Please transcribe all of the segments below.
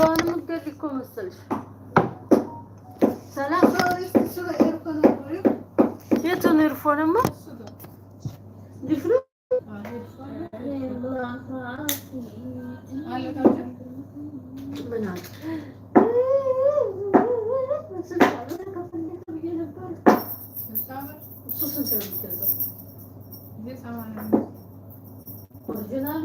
ስጋውን የምትገድ እኮ መሰልሽ። ሰላም የቱን ኤርፎንማ ኦሪጂናሉ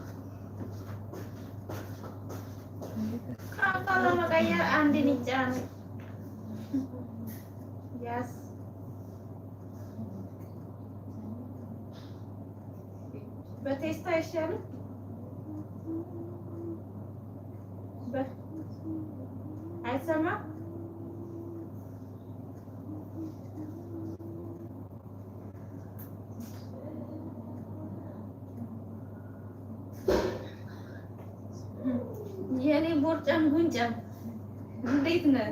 Kankala makaya andinichan. Yes. Ayo sama. ጉንጨም ጉንጨም እንዴት ነህ?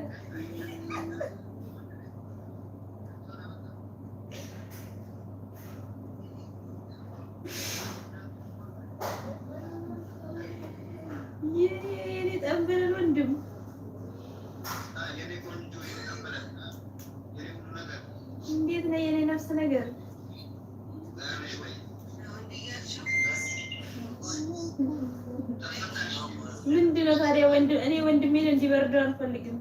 የኔ እንዴት ነህ? የኔ ነፍስ ነገር ምንድን ነው ታዲያ? እኔ ነው እንዲበርደው አልፈልግም።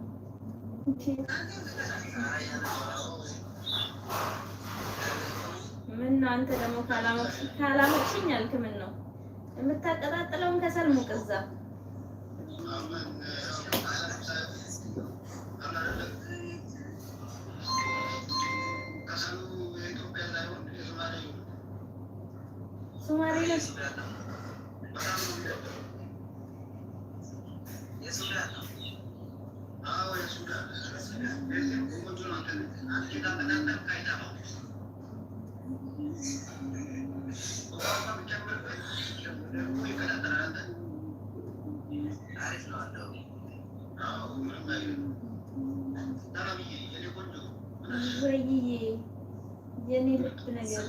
ምን ነው አንተ ደግሞ ካላመቅሽኝ አልክም ነው የምታቀጣጥለውን ከሰል ሙቅዛ ሶማሌ ነው የኔ ልብ ነገር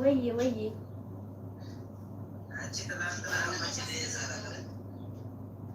ወይዬ ወይዬ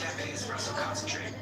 us to concentrate.